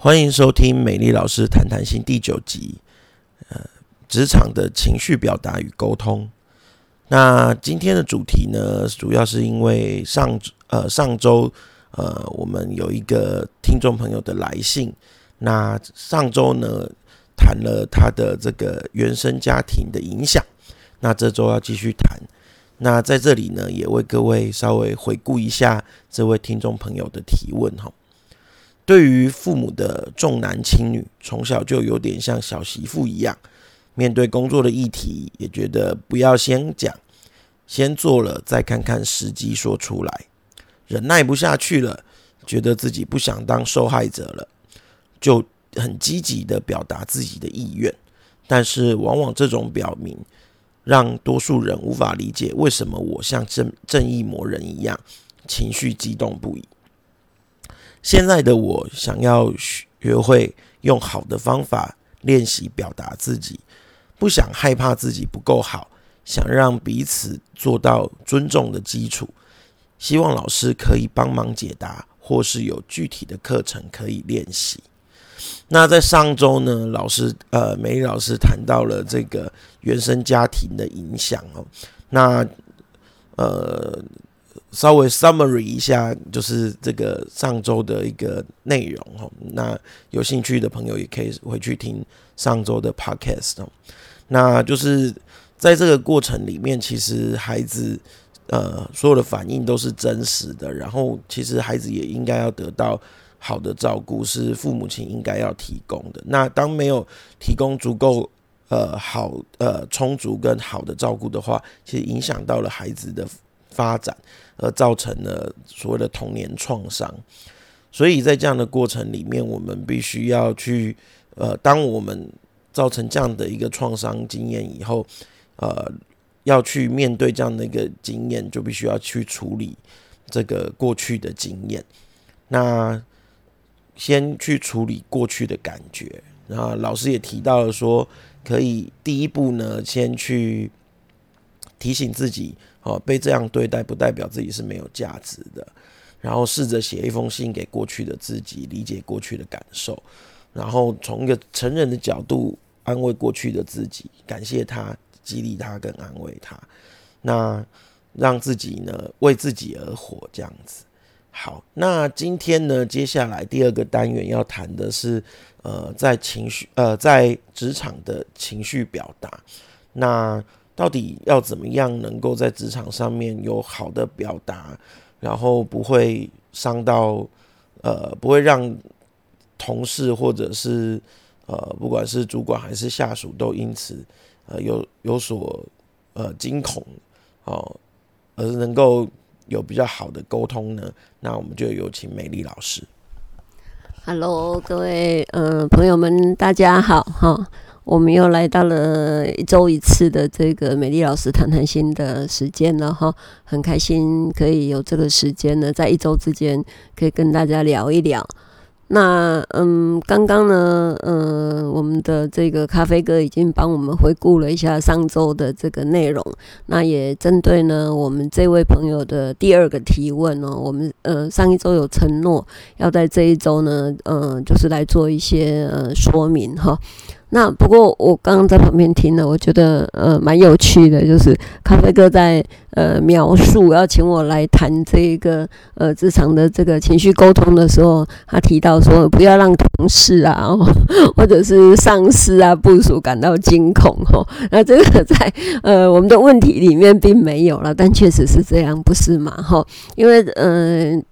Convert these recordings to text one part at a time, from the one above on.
歡迎收聽美麗老師談談心第九集，呃，職場的情緒表達與溝通。那今天的主題呢，主要是因為上呃上週呃我們有一個聽眾朋友的來信，那上週呢談了他的這個原生家庭的影響，那這週要繼續談。那在這裡呢，也為各位稍微回顧一下這位聽眾朋友的提問哈。對於父母的重男輕女，從小就有點像小媳婦一樣。面對工作的議題，也覺得不要先講，先做了再看看時機說出來。忍耐不下去了，覺得自己不想當受害者了，就很積極的表達自己的意願。但是，往往這種表明讓多數人無法理解，為什麼我像正正義魔人一樣，情緒激動不已。現在的我想要學會用好的方法練習表達自己，不想害怕自己不夠好，想讓彼此做到尊重的基礎。希望老師可以幫忙解答，或是有具體的課程可以練習。那在上周呢，老師呃，美老師談到了這個原生家庭的影響哦。那呃。稍微 summary 一下，就是這個上周的一個內容哈。那有興趣的朋友也可以回去聽上周的 podcast。那就是在這個過程裡面，其實孩子呃所有的反應都是真實的。然後其實孩子也應該要得到好的照顧，是父母親應該要提供的。那當沒有提供足夠呃好呃充足跟好的照顧的話，其實影響到了孩子的。發展，而造成了所謂的童年創傷，所以在這樣的過程裡面，我們必須要去，呃，當我們造成這樣的一個創傷經驗以後，呃，要去面對這樣的一個經驗，就必須要去處理這個過去的經驗。那先去處理過去的感覺，然後老師也提到了說，可以第一步呢，先去提醒自己，好，被這樣對待不代表自己是沒有價值的。然後試着寫一封信給過去的自己，理解過去的感受，然後從一個成人的角度安慰過去的自己，感謝他，激勵他，跟安慰他。那讓自己呢，為自己而活，這樣子。好，那今天呢，接下來第二個單元要談的是，呃，在情緒，呃，在職場的情緒表達。那到底要怎麼樣能夠在職場上面有好的表達，然後不會傷到呃，不會讓同事或者是呃，不管是主管還是下屬都因此呃有有所呃驚恐哦、呃，而能夠有比較好的溝通呢？那我們就有請美麗老師。Hello，各位嗯、呃、朋友們，大家好哈。我們又來到了一周一次的這個美麗老師談談心的時間了哈，很開心可以有這個時間呢，在一周之間可以跟大家聊一聊。那嗯，剛剛呢，呃、嗯，我們的這個咖啡哥已經幫我們回顧了一下上周的這個內容，那也針對呢我們這位朋友的第二個提問呢、喔，我們呃上一周有承諾要在這一周呢，呃，就是來做一些呃說明哈。那不過我剛剛在旁邊聽了，我覺得呃蠻有趣的，就是咖啡哥在呃描述要請我來談這一個呃職場的這個情緒溝通的時候，他提到說不要讓同事啊、哦、或者是上司啊部屬感到驚恐吼、哦，那這個在呃我們的問題裡面並沒有了，但確實是這樣，不是嘛吼、哦，因為嗯。呃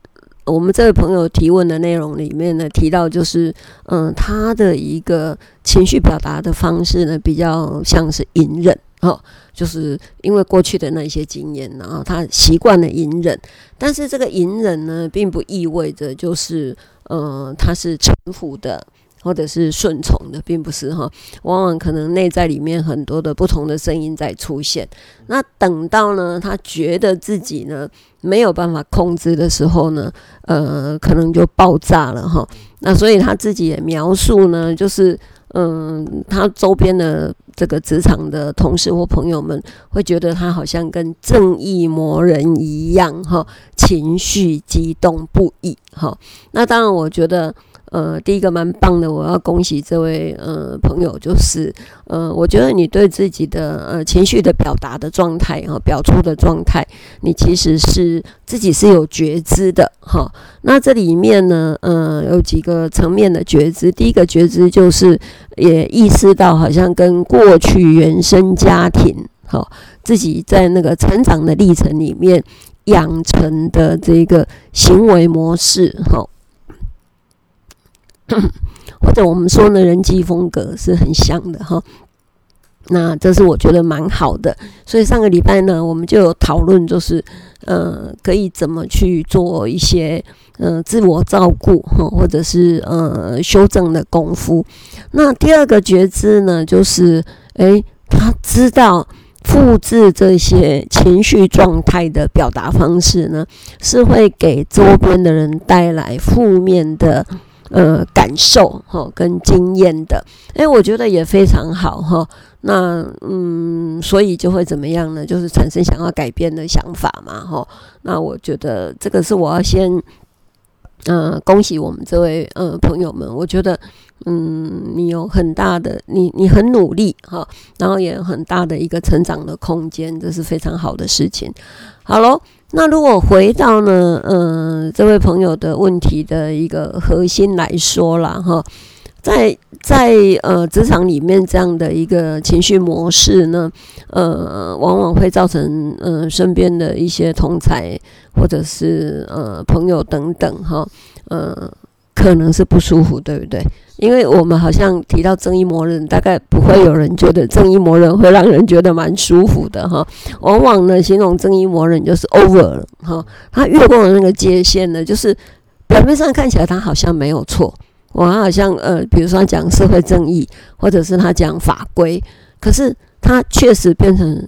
我們這位朋友提問的內容裡面呢，提到就是，嗯，他的一個情緒表達的方式呢，比較像是隱忍，哦，就是因為過去的那些經驗，然後他習慣了隱忍，但是這個隱忍呢，並不意味着就是，嗯，他是臣服的。或者是順從的，並不是哈，往往可能內在裡面很多的不同的聲音在出現。那等到呢，他覺得自己呢沒有辦法控制的時候呢，呃，可能就爆炸了哈。那所以他自己也描述呢，就是嗯，呃，他周邊的這個職場的同事或朋友們會覺得他好像跟正義魔人一樣哈，情緒激動不已哈。那當然，我覺得。呃，第一個蠻棒的，我要恭喜這位呃朋友，就是呃，我覺得你對自己的呃情緒的表達的狀態哈，表出的狀態，你其實是自己是有覺知的哈。那這裡面呢，呃，有幾個層面的覺知。第一個覺知就是也意識到，好像跟過去原生家庭哈，自己在那個成長的歷程裡面養成的這個行為模式哈。或者我們說呢，人際風格是很像的哈。那這是我覺得蠻好的，所以上個禮拜呢，我們就有討論，就是呃，可以怎麼去做一些呃自我照顧，或者是呃修正的功夫。那第二個覺知呢，就是誒，他知道複製這些情緒狀態的表達方式呢，是會給周邊的人帶來負面的。呃，感受哈跟經驗的，哎、欸，我覺得也非常好哈。那嗯，所以就會怎麼樣呢？就是產生想要改變的想法嘛哈。那我覺得這個是我要先，嗯、呃，恭喜我們這位呃朋友們。我覺得嗯，你有很大的你你很努力哈，然後也有很大的一個成長的空間，這是非常好的事情。好嘍。那如果回到呢，呃，這位朋友的問題的一個核心來說啦，哈，在在呃職場裡面這樣的一個情緒模式呢，呃，往往會造成呃身邊的一些同儕或者是呃朋友等等哈，呃，可能是不舒服，對不對？因為我們好像提到正義魔人，大概不會有人覺得正義魔人會讓人覺得蠻舒服的哈、哦。往往呢，形容正義魔人就是 over 了、哦、哈，他越過了那個界限呢，就是表面上看起來他好像沒有錯，我好像呃，比如說他講社會正義，或者是他講法規，可是他確實變成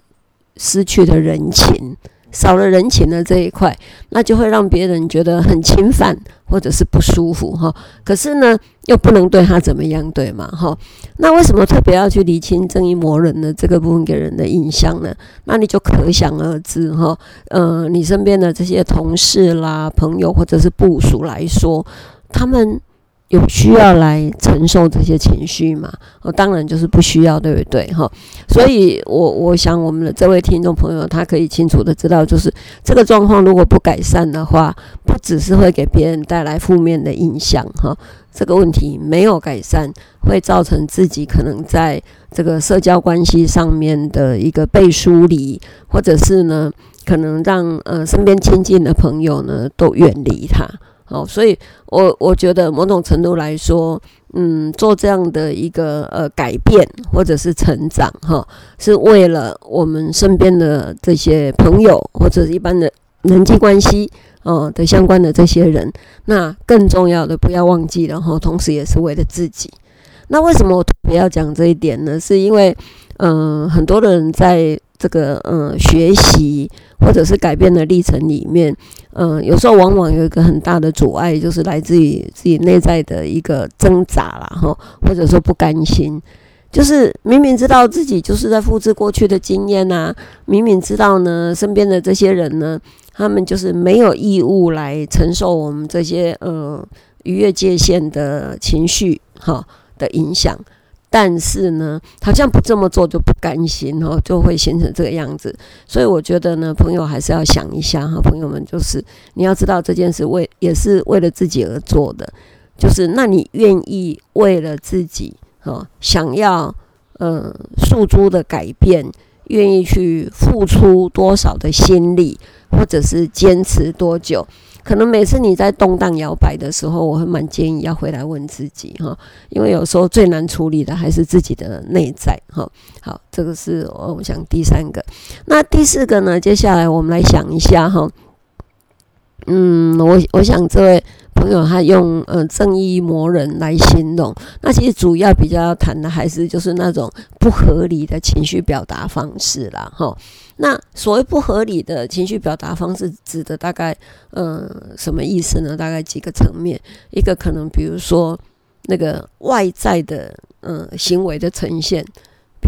失去了人情。少了人情的這一塊，那就會讓別人覺得很侵犯或者是不舒服哈。可是呢，又不能對他怎麼樣，對嘛，哈？那為什麼特別要去理清正義魔人的這個部分給人的印象呢？那你就可想而知哈。嗯、呃，你身邊的這些同事啦、朋友或者是部屬來說，他們，有需要來承受這些情緒嘛？哦，當然就是不需要，對不對？哈，所以，我我想我們的這位聽眾朋友，他可以清楚的知道，就是這個狀況如果不改善的話，不只是會給別人帶來負面的影響，哈，這個問題沒有改善，會造成自己可能在這個社交關係上面的一個被疏離，或者是呢，可能讓呃身邊親近的朋友呢都遠離他。好、哦，所以我，我我覺得某種程度來說，嗯，做這樣的一個呃改變或者是成長，哈、哦，是為了我們身邊的這些朋友或者一般的人，人際關係哦的相關的這些人。那更重要的，不要忘記了哈、哦，同時也是為了自己。那為什麼我特別要講這一點呢？是因為，嗯、呃，很多的人在，這個嗯，學習或者是改變的歷程裡面，嗯，有時候往往有一個很大的阻礙，就是來自於自己內在的一個掙扎啦，哈，或者說不甘心，就是明明知道自己就是在複製過去的經驗吶、啊，明明知道呢，身邊的這些人呢，他們就是沒有義務來承受我們這些嗯、呃，逾越界限的情緒哈的影響。但是呢，好像不這麼做就不甘心哦，就會形成這個樣子。所以我覺得呢，朋友還是要想一下哈，朋友們就是你要知道這件事為也是為了自己而做的，就是那你願意為了自己哦，想要嗯，訴諸的改變，願意去付出多少的心力，或者是堅持多久？可能每次你在動盪搖擺的時候，我會蠻建議要回來問自己哈，因為有時候最難處理的還是自己的內在哈。好，這個是我想第三個。那第四個呢？接下來我們來想一下哈。嗯，我我想這位朋友他用嗯、呃、正義魔人來形容，那其實主要比較要談的還是就是那種不合理的情緒表達方式啦。哈。那所謂不合理的情緒表達方式，指的大概嗯、呃、什麼意思呢？大概幾個層面，一個可能比如說那個外在的嗯、呃、行為的呈現。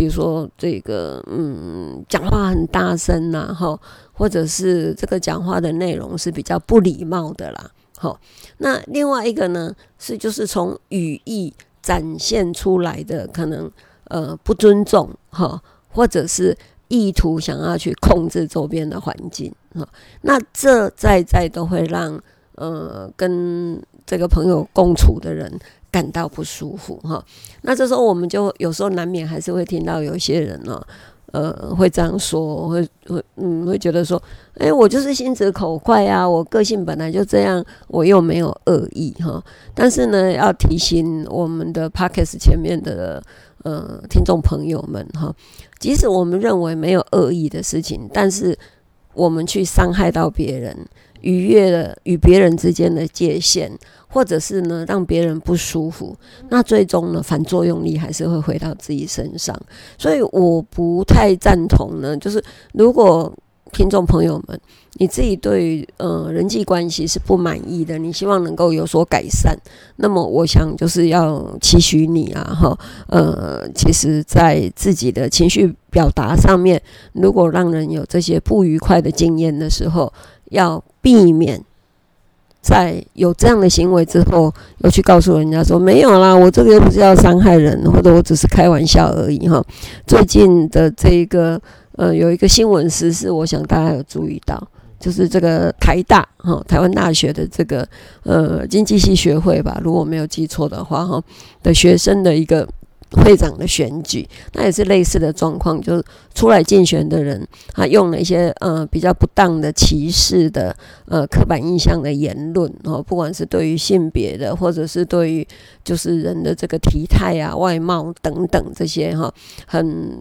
比如說這個，嗯，講話很大聲啦，吼，或者是這個講話的內容是比較不禮貌的啦，吼。那另外一個呢，是就是從語義展現出來的可能呃不尊重哈，或者是意圖想要去控制周邊的環境哈。那這在在都會讓呃跟這個朋友共處的人。感到不舒服哈，那這時候我們就有時候難免還是會聽到有些人呢，呃，會這樣說，會會嗯，會覺得說，誒、欸，我就是心直口快啊，我個性本來就這樣，我又沒有惡意哈。但是呢，要提醒我們的 Podcast 前面的呃聽眾朋友們哈，即使我們認為沒有惡意的事情，但是。我們去傷害到別人，踰越了與別人之間的界限，或者是呢，讓別人不舒服，那最終呢，反作用力還是會回到自己身上，所以我不太贊同呢，就是如果。聽眾朋友們，你自己對呃人際關係是不滿意的，你希望能夠有所改善。那麼，我想就是要期許你啊，哈，呃，其實，在自己的情緒表達上面，如果讓人有這些不愉快的經驗的時候，要避免在有這樣的行為之後，又去告訴人家說沒有啦，我這個又不是要傷害人，或者我只是開玩笑而已，哈。最近的這一個。呃、嗯，有一個新聞時事，我想大家有注意到，就是這個台大哈，台灣大學的這個呃、嗯、經濟系學會吧，如果沒有記錯的話哈，的學生的一個。會長的選舉，那也是類似的狀況，就是出來競選的人，他用了一些呃比較不當的歧視的呃刻板印象的言論哦，不管是對於性別的，或者是對於就是人的這個體態啊、外貌等等這些哈、哦，很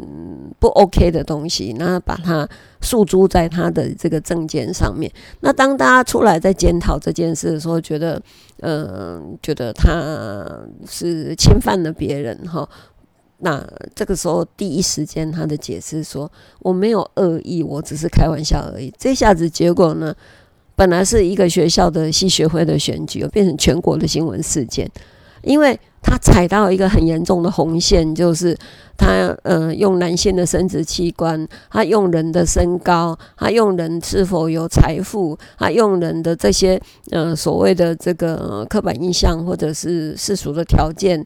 不 OK 的東西，那把它訴諸在他的這個政見上面。那當大家出來在檢討這件事的時候，覺得。嗯，覺得他是侵犯了別人哈，那這個時候第一時間他的解釋說，我沒有惡意，我只是開玩笑而已。這下子結果呢，本來是一個學校的系學會的選舉，又變成全國的新聞事件，因為。他踩到一個很嚴重的紅線，就是他呃用男性的生殖器官，他用人的身高，他用人是否有財富，他用人的這些呃所謂的這個刻板印象或者是世俗的條件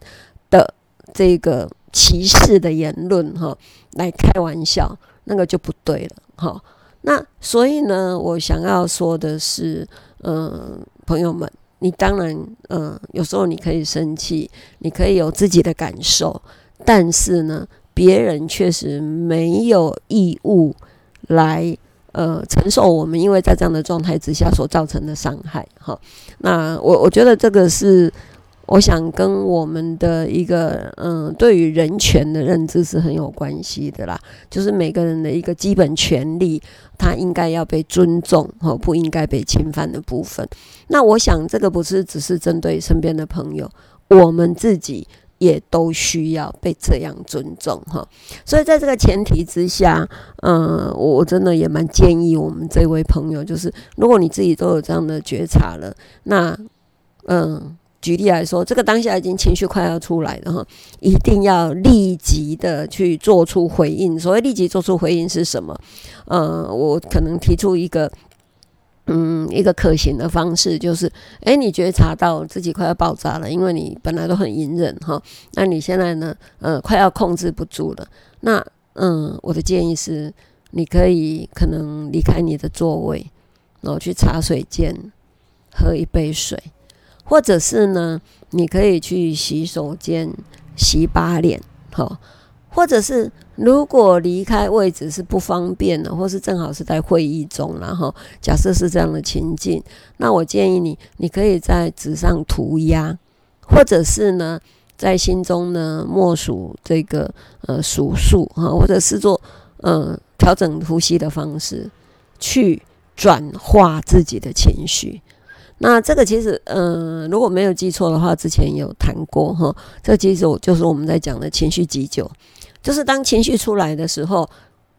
的這個歧視的言論哈，來開玩笑，那個就不對了哈。那所以呢，我想要說的是，嗯、呃，朋友們。你當然，嗯、呃，有時候你可以生氣，你可以有自己的感受，但是呢，別人確實沒有義務來，呃，承受我們因為在這樣的狀態之下所造成的傷害。哈，那我我覺得這個是。我想跟我們的一個嗯，對於人權的認知是很有關係的啦。就是每個人的一個基本權利，他應該要被尊重，和不應該被侵犯的部分。那我想這個不是只是針對身邊的朋友，我們自己也都需要被這樣尊重，哈。所以在這個前提之下，嗯，我真的也蠻建議我們這位朋友，就是如果你自己都有這樣的覺察了，那嗯。舉例來說，這個當下已經情緒快要出來了哈，一定要立即的去做出回應。所謂立即做出回應是什麼？嗯、呃，我可能提出一個，嗯，一個可行的方式，就是，哎、欸，你覺察到自己快要爆炸了，因為你本來都很隱忍哈，那你現在呢？呃，快要控制不住了。那，嗯，我的建議是，你可以可能離開你的座位，然後去茶水間喝一杯水。或者是呢，你可以去洗手間洗把臉，哈。或者是如果離開位置是不方便的，或是正好是在會議中，然後假設是這樣的情境，那我建議你，你可以在紙上塗鴉，或者是呢，在心中呢默數這個呃數數，哈，或者是做呃調整呼吸的方式，去轉化自己的情緒。那這個其實，呃，如果沒有記錯的話，之前有談過哈。這其實我就是我們在講的情緒急救，就是當情緒出來的時候，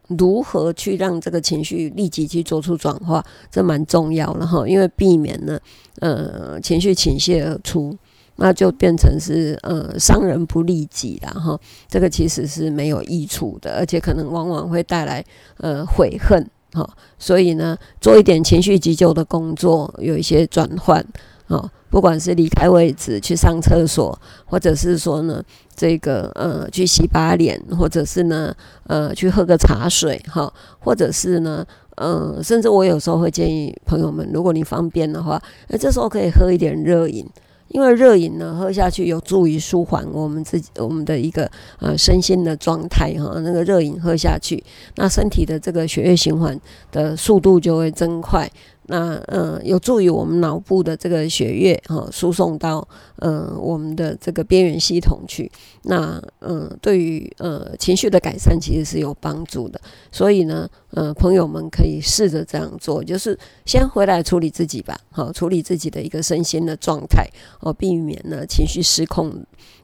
如何去讓這個情緒立即去做出轉化，這蠻重要的哈。因為避免呢，呃，情緒傾瀉而出，那就變成是呃傷人不利己啦，哈。這個其實是沒有益處的，而且可能往往會帶來呃悔恨。好，所以呢，做一點情緒急救的工作，有一些轉換，哦，不管是離開位置去上廁所，或者是說呢，這個呃，去洗把臉，或者是呢，呃，去喝個茶水，哈、哦，或者是呢，嗯、呃，甚至我有時候會建議朋友們，如果你方便的話，那、呃、這時候可以喝一點熱飲。因為熱飲呢，喝下去有助於舒緩我們自己，我們的一個呃身心的狀態哈。那個熱飲喝下去，那身體的這個血液循環的速度就會增快。那嗯、呃，有助於我們腦部的這個血液哈、哦、輸送到嗯、呃、我們的這個邊緣系統去。那嗯、呃，對於呃情緒的改善其實是有幫助的。所以呢，嗯、呃，朋友們可以試着這樣做，就是先回來處理自己吧，好、哦、處理自己的一個身心的狀態，哦避免呢情緒失控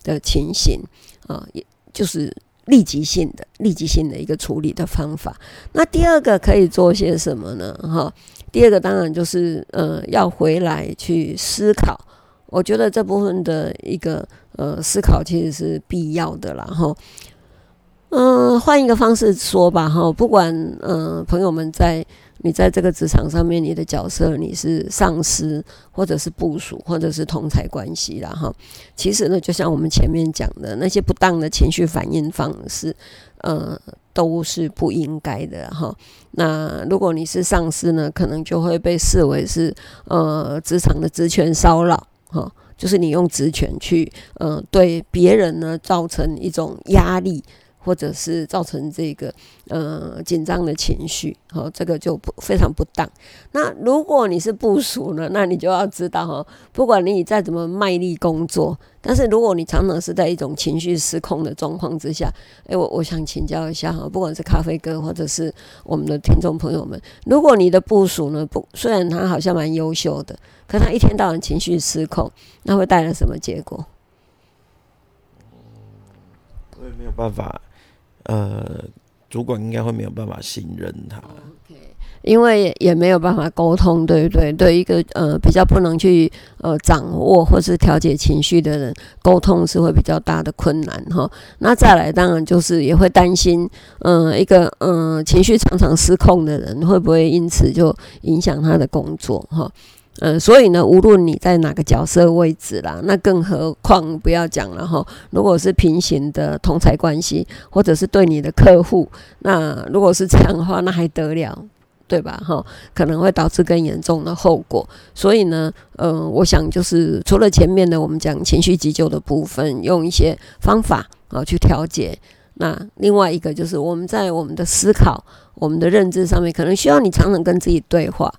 的情形啊、哦，也就是立即性的立即性的一個處理的方法。那第二個可以做些什麼呢？哈、哦。第二個當然就是呃，要回來去思考，我覺得這部分的一個呃思考其實是必要的，然後嗯、換、呃、一個方式說吧哈，不管嗯、呃、朋友們在你在這個職場上面，你的角色，你是上司或者是部屬或者是同儕關係啦。哈，其實呢，就像我們前面講的那些不當的情緒反應方式，呃。都是不應該的哈、哦。那如果你是上司呢，可能就會被視為是呃職場的職權騷擾哈、哦，就是你用職權去呃對別人呢造成一種壓力。或者是造成這個呃緊張的情緒，好，這個就不非常不當。那如果你是部屬呢，那你就要知道哈，不管你再怎麼賣力工作，但是如果你常常是在一種情緒失控的狀況之下，哎、欸，我我想請教一下哈，不管是咖啡哥或者是我們的聽眾朋友們，如果你的部屬呢不，雖然他好像蠻優秀的，可他一天到晚情緒失控，那會帶來什麼結果？我也沒有辦法。呃，主管應該會沒有辦法信任他，oh, okay. 因為也，也沒有辦法溝通，對不對？對一個呃比較不能去呃掌握或是調節情緒的人，溝通是會比較大的困難哈。那再來，當然就是也會擔心，嗯、呃，一個嗯、呃、情緒常常失控的人，會不會因此就影響他的工作哈？嗯，所以呢，無論你在哪個角色位置啦，那更何況不要講了哈。如果是平行的同儕關係，或者是對你的客戶，那如果是這樣的話，那還得了，對吧？哈，可能會導致更嚴重的後果。所以呢，呃、嗯，我想就是除了前面的我們講情緒急救的部分，用一些方法啊去調節。那另外一個就是我們在我們的思考、我們的認知上面，可能需要你常常跟自己對話。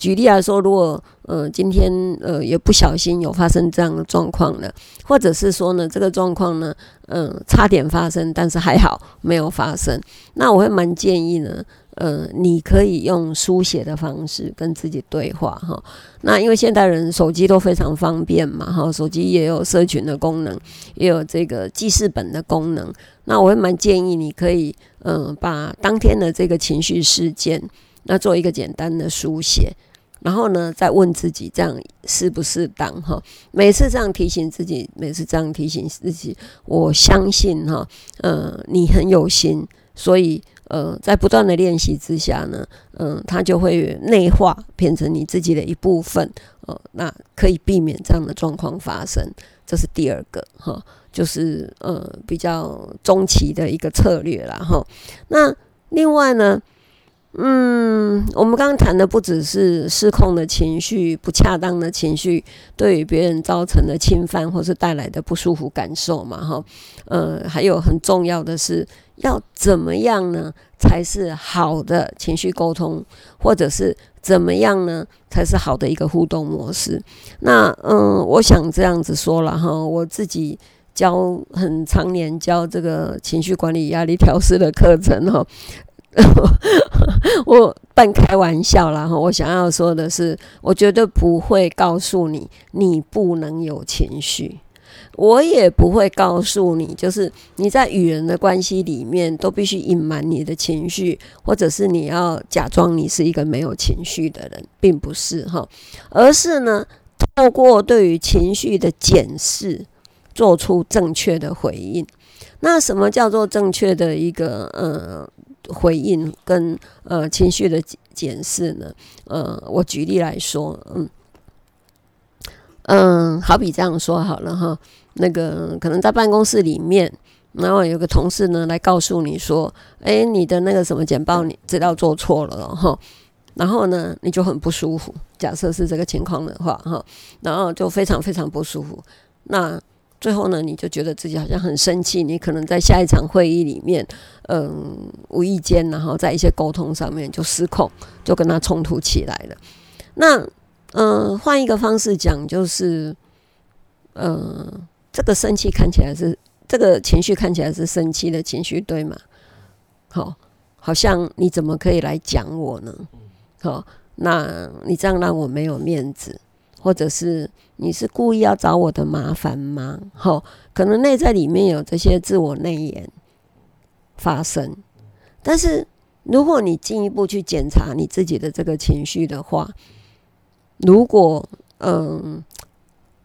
舉例來說，如果呃今天呃也不小心有發生這樣的狀況了，或者是說呢，這個狀況呢，嗯、呃，差點發生，但是還好沒有發生，那我會蠻建議呢，呃，你可以用書寫的方式跟自己對話哈。那因為現代人手機都非常方便嘛，哈，手機也有社群的功能，也有這個記事本的功能。那我會蠻建議你可以，嗯、呃，把當天的這個情緒事件，那做一個簡單的書寫。然後呢，再問自己這樣適不適當哈？每次這樣提醒自己，每次這樣提醒自己，我相信哈，呃，你很有心，所以呃，在不斷的練習之下呢，嗯、呃，它就會內化變成你自己的一部分啊、呃。那可以避免這樣的狀況發生，這是第二個哈、呃，就是呃比較中期的一個策略啦。哈、呃。那另外呢？嗯，我們剛剛談的不只是失控的情緒、不恰當的情緒對於別人造成的侵犯，或是帶來的不舒服感受嘛，哈，嗯，還有很重要的是，要怎麼樣呢才是好的情緒溝通，或者是怎麼樣呢才是好的一個互動模式？那嗯，我想這樣子說了哈，我自己教很常年教這個情緒管理、壓力調適的課程哈。 我半開玩笑啦，我想要說的是，我絕對不會告訴你，你不能有情緒，我也不會告訴你，就是你在與人的關係裡面都必須隱瞞你的情緒，或者是你要假裝你是一個沒有情緒的人，並不是哈，而是呢，透過對於情緒的檢視，做出正確的回應。那什麼叫做正確的一個呃？回應跟呃情緒的檢視呢，呃，我舉例來說，嗯嗯，好比這樣說好了哈，那個可能在辦公室裡面，然後有個同事呢來告訴你說，哎，你的那個什麼簡報你知道做錯了哈，然後呢你就很不舒服，假設是這個情況的話哈，然後就非常非常不舒服，那。最後呢，你就覺得自己好像很生氣，你可能在下一場會議裡面，嗯，無意間，然後在一些溝通上面就失控，就跟他衝突起來了。那，嗯、呃，換一個方式講，就是，嗯、呃，這個生氣看起來是，這個情緒看起來是生氣的情緒，對嗎？好，好像你怎麼可以來講我呢？好，那你這樣讓我沒有面子，或者是，你是故意要找我的麻煩嗎？吼、哦，可能內在裡面有這些自我內言發生。但是，如果你進一步去檢查你自己的這個情緒的話，如果嗯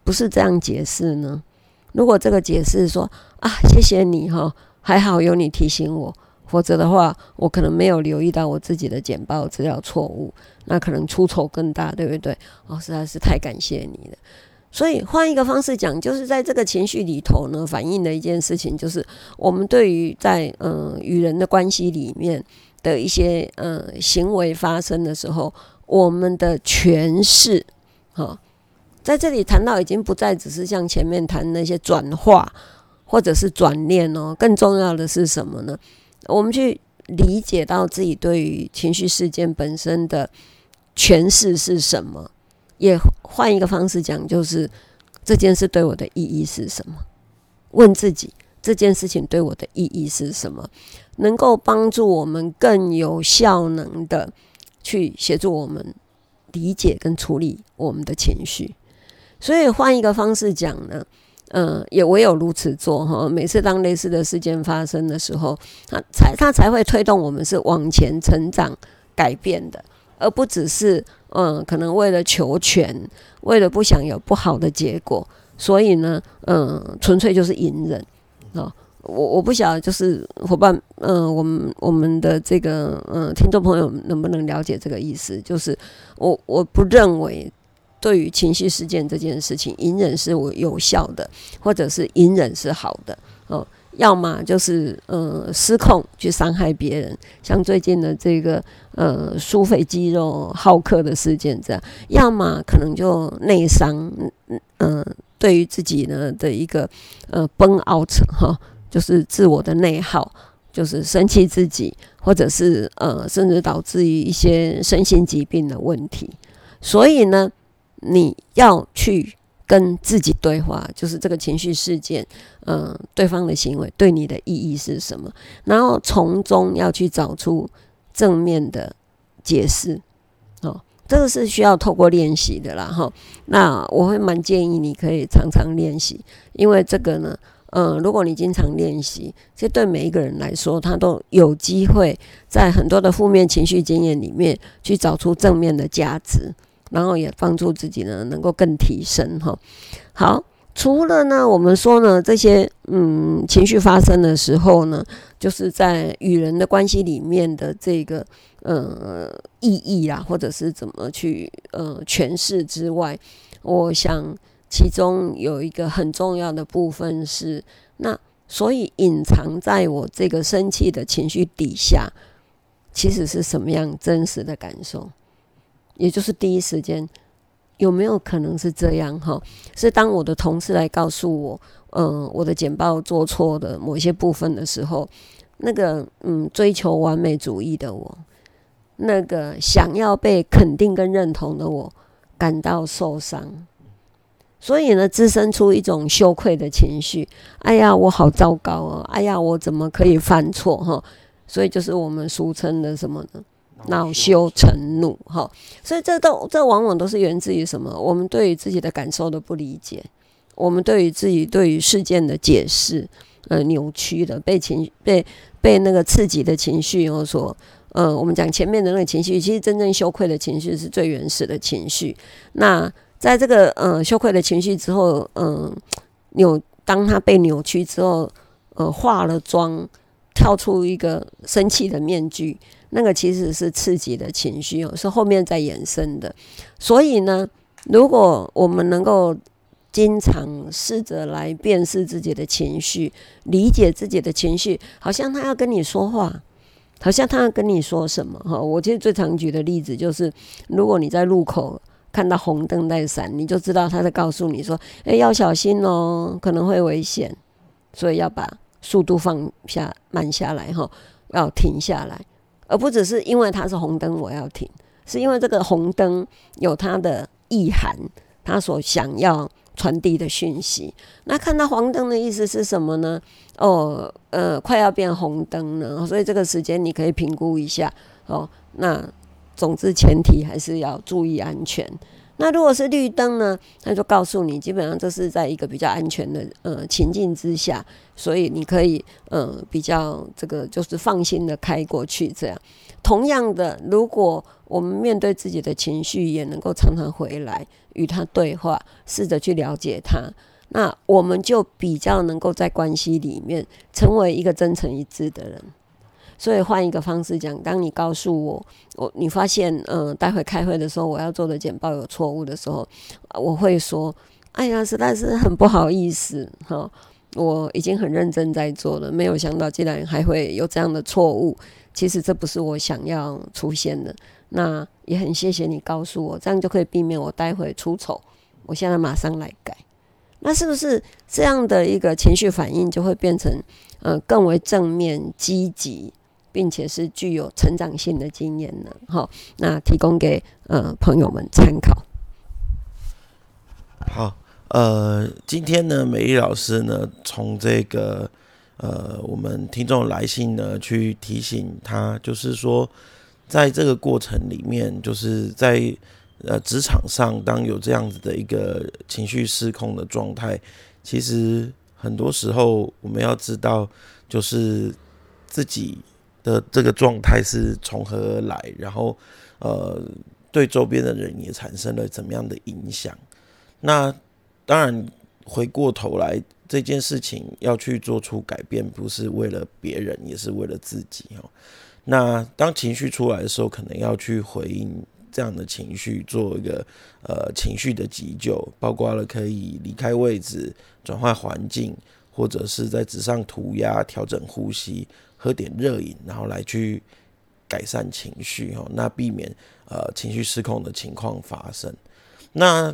不是這樣解釋呢？如果這個解釋說啊，謝謝你哈，還好有你提醒我。否則的話，我可能沒有留意到我自己的簡報資料錯誤，那可能出醜更大，對不對？哦，實在是太感謝你了。所以換一個方式講，就是在這個情緒裡頭呢，反映了一件事情，就是我們對於在嗯、呃、與人的關係裡面的一些嗯、呃、行為發生的時候，我們的詮釋哈、哦，在這裡談到已經不再只是像前面談那些轉化或者是轉念哦，更重要的是什麼呢？我們去理解到自己對於情緒事件本身的詮釋是什麼，也換一個方式講，就是這件事對我的意義是什麼？問自己這件事情對我的意義是什麼，能夠幫助我們更有效能的去協助我們理解跟處理我們的情緒。所以換一個方式講呢？嗯，也唯有如此做哈。每次當類似的事件發生的時候，他才他才會推動我們是往前成長、改變的，而不只是嗯，可能為了求全，為了不想有不好的結果，所以呢，嗯，純粹就是隱忍啊、哦。我我不曉得，就是夥伴，嗯，我們我們的這個嗯聽眾朋友能不能了解這個意思？就是我我不認為。對於情緒事件這件事情，隱忍是我有效的，或者是隱忍是好的哦。要麼就是呃失控去傷害別人，像最近的這個呃舒肥雞肉好客的事件這樣；要麼可能就內傷，嗯、呃、嗯，對於自己呢的一個呃 burn out 哈、哦，就是自我的內耗，就是生氣自己，或者是呃甚至導致於一些身心疾病的問題。所以呢。你要去跟自己對話，就是這個情緒事件，嗯，對方的行為對你的意義是什麼？然後從中要去找出正面的解釋，哦，這個是需要透過練習的啦，哈、哦。那我會蠻建議你可以常常練習，因為這個呢，嗯，如果你經常練習，其實對每一個人來說，他都有機會在很多的負面情緒經驗裡面去找出正面的價值。然後也幫助自己呢，能夠更提升哈。好，除了呢，我們說呢，這些嗯情緒發生的時候呢，就是在與人的關係裡面的這個呃意義啊，或者是怎麼去呃詮釋之外，我想其中有一個很重要的部分是，那所以隱藏在我這個生氣的情緒底下，其實是什麼樣真實的感受？也就是第一時間，有沒有可能是這樣哈？是當我的同事來告訴我，嗯，我的簡報做錯的某些部分的時候，那個嗯，追求完美主義的我，那個想要被肯定跟認同的我，感到受傷，所以呢，滋生出一種羞愧的情緒。哎呀，我好糟糕哦、喔！哎呀，我怎麼可以犯錯哈？所以就是我們俗稱的什麼呢？惱羞成怒，齁，所以這都這往往都是源自於什麼？我們對於自己的感受都不理解，我們對於自己對於事件的解釋，呃，扭曲的，被情被被那個刺激的情緒有所，呃，我們講前面的那個情緒，其實真正羞愧的情緒是最原始的情緒。那在這個呃羞愧的情緒之後，嗯、呃，有當它被扭曲之後，呃，化了妝，跳出一個生氣的面具。那個其實是刺激的情緒哦，是後面再延伸的。所以呢，如果我們能夠經常試着來辨識自己的情緒，理解自己的情緒，好像他要跟你說話，好像他要跟你說什麼哈。我其實最常舉的例子就是，如果你在路口看到紅燈在閃，你就知道他在告訴你說：“誒，要小心哦，可能會危險，所以要把速度放下，慢下來哈，要停下來。”而不只是因為它是紅燈，我要停，是因為這個紅燈有它的意涵，它所想要傳遞的訊息。那看到黃燈的意思是什麼呢？哦，呃，快要變紅燈了，所以這個時間你可以評估一下。哦，那總之前提還是要注意安全。那如果是綠燈呢？那就告訴你，基本上這是在一個比較安全的呃情境之下，所以你可以呃比較這個就是放心的開過去這樣。同樣的，如果我們面對自己的情緒，也能夠常常回來與他對話，試着去了解他，那我們就比較能夠在關係裡面成為一個真誠一致的人。所以換一個方式講，當你告訴我，我你發現，嗯、呃，待會開會的時候我要做的簡報有錯誤的時候，我會說，哎呀，實在是很不好意思哈，我已經很認真在做了，沒有想到竟然還會有這樣的錯誤，其實這不是我想要出現的，那也很謝謝你告訴我，這樣就可以避免我待會出醜，我現在馬上來改，那是不是這樣的一個情緒反應就會變成，呃，更為正面積極？並且是具有成長性的經驗呢，好，那提供給呃朋友們參考。好，呃，今天呢，美麗老師呢，從這個呃，我們聽眾來信呢，去提醒他，就是說，在這個過程裡面，就是在呃職場上，當有這樣子的一個情緒失控的狀態，其實很多時候我們要知道，就是自己。的這個狀態是從何而來？然後，呃，對周邊的人也產生了怎麼樣的影響？那當然，回過頭來這件事情要去做出改變，不是為了別人，也是為了自己。那當情緒出來的時候，可能要去回應這樣的情緒，做一個呃情緒的急救，包括了可以離開位置、轉換環境，或者是在紙上塗鴉、調整呼吸。喝點熱飲，然後來去改善情緒哦，那避免呃情緒失控的情況發生。那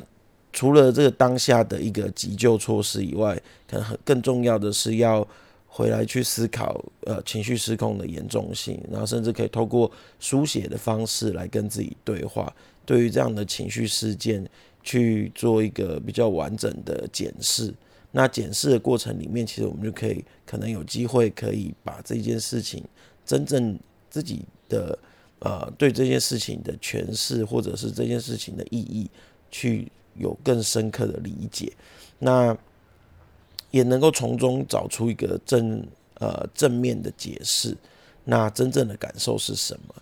除了這個當下的一個急救措施以外，可能更重要的是要回來去思考呃情緒失控的嚴重性，然後甚至可以透過書寫的方式來跟自己對話，對於這樣的情緒事件去做一個比較完整的檢視。那檢視的過程裡面，其實我們就可以可能有機會可以把這件事情真正自己的呃對這件事情的詮釋，或者是這件事情的意義，去有更深刻的理解。那也能夠從中找出一個正呃正面的解釋。那真正的感受是什麼？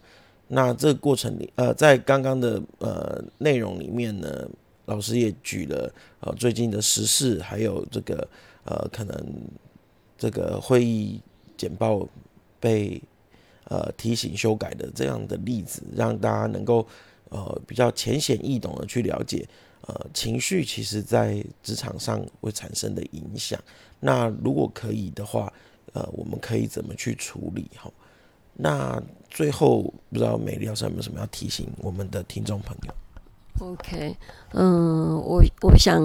那這個過程裡呃，在剛剛的呃內容裡面呢？老師也舉了呃最近的時事，還有這個呃可能這個會議簡報被呃提醒修改的這樣的例子，讓大家能夠呃比較淺顯易懂的去了解呃情緒其實在職場上會產生的影響。那如果可以的話，呃我們可以怎麼去處理齁？那最後不知道美麗老師有沒有什麼要提醒我們的聽眾朋友？OK，嗯，我我想，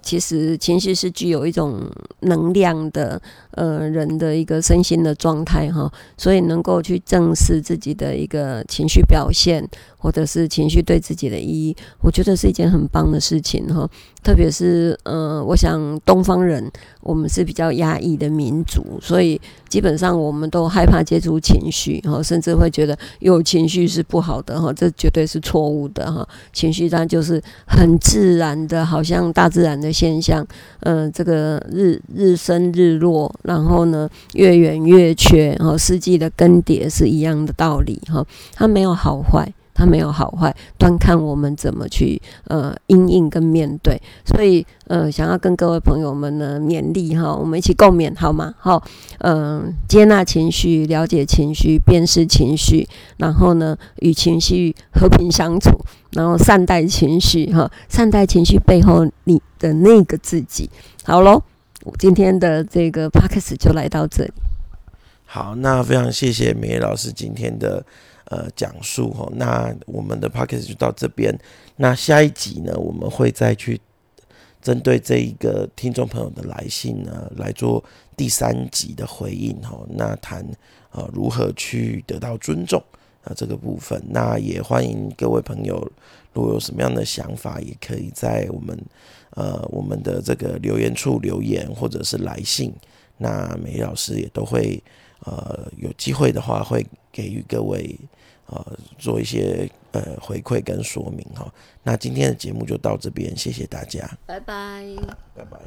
其實情緒是具有一種能量的，呃，人的一個身心的狀態哈，所以能夠去正視自己的一個情緒表現，或者是情緒對自己的意義，我覺得是一件很棒的事情哈。特別是，呃，我想東方人，我們是比較壓抑的民族，所以。基本上，我們都害怕接觸情緒，哈，甚至會覺得有情緒是不好的，哈，這絕對是錯誤的，哈。情緒它就是很自然的，好像大自然的現象，嗯、呃，這個日日升日落，然後呢，月圓月缺，然後，哦，四季的更迭，是一樣的道理，哈、哦，它沒有好壞。它沒有好壞，端看我們怎麼去呃因應跟面對。所以呃，想要跟各位朋友們呢勉勵哈，我們一起共勉好嗎？好，嗯，接納情緒，了解情緒，辨識情緒，然後呢與情緒和平相處，然後善待情緒哈，善待情緒背後你的那個自己。好嘍，今天的這個帕克斯就來到這裡。好，那非常謝謝美麗老師今天的。呃，講述、哦、那我們的 podcast 就到這邊。那下一集呢，我們會再去針對這一個聽眾朋友的來信呢，來做第三集的回應哈、哦。那談呃如何去得到尊重啊、呃，這個部分。那也歡迎各位朋友，如果有什麼樣的想法，也可以在我們呃我們的這個留言處留言，或者是來信。那美老師也都會。呃，有機會的話，會給予各位呃做一些呃回饋跟說明哈。那今天的節目就到這邊，謝謝大家，拜拜，拜拜。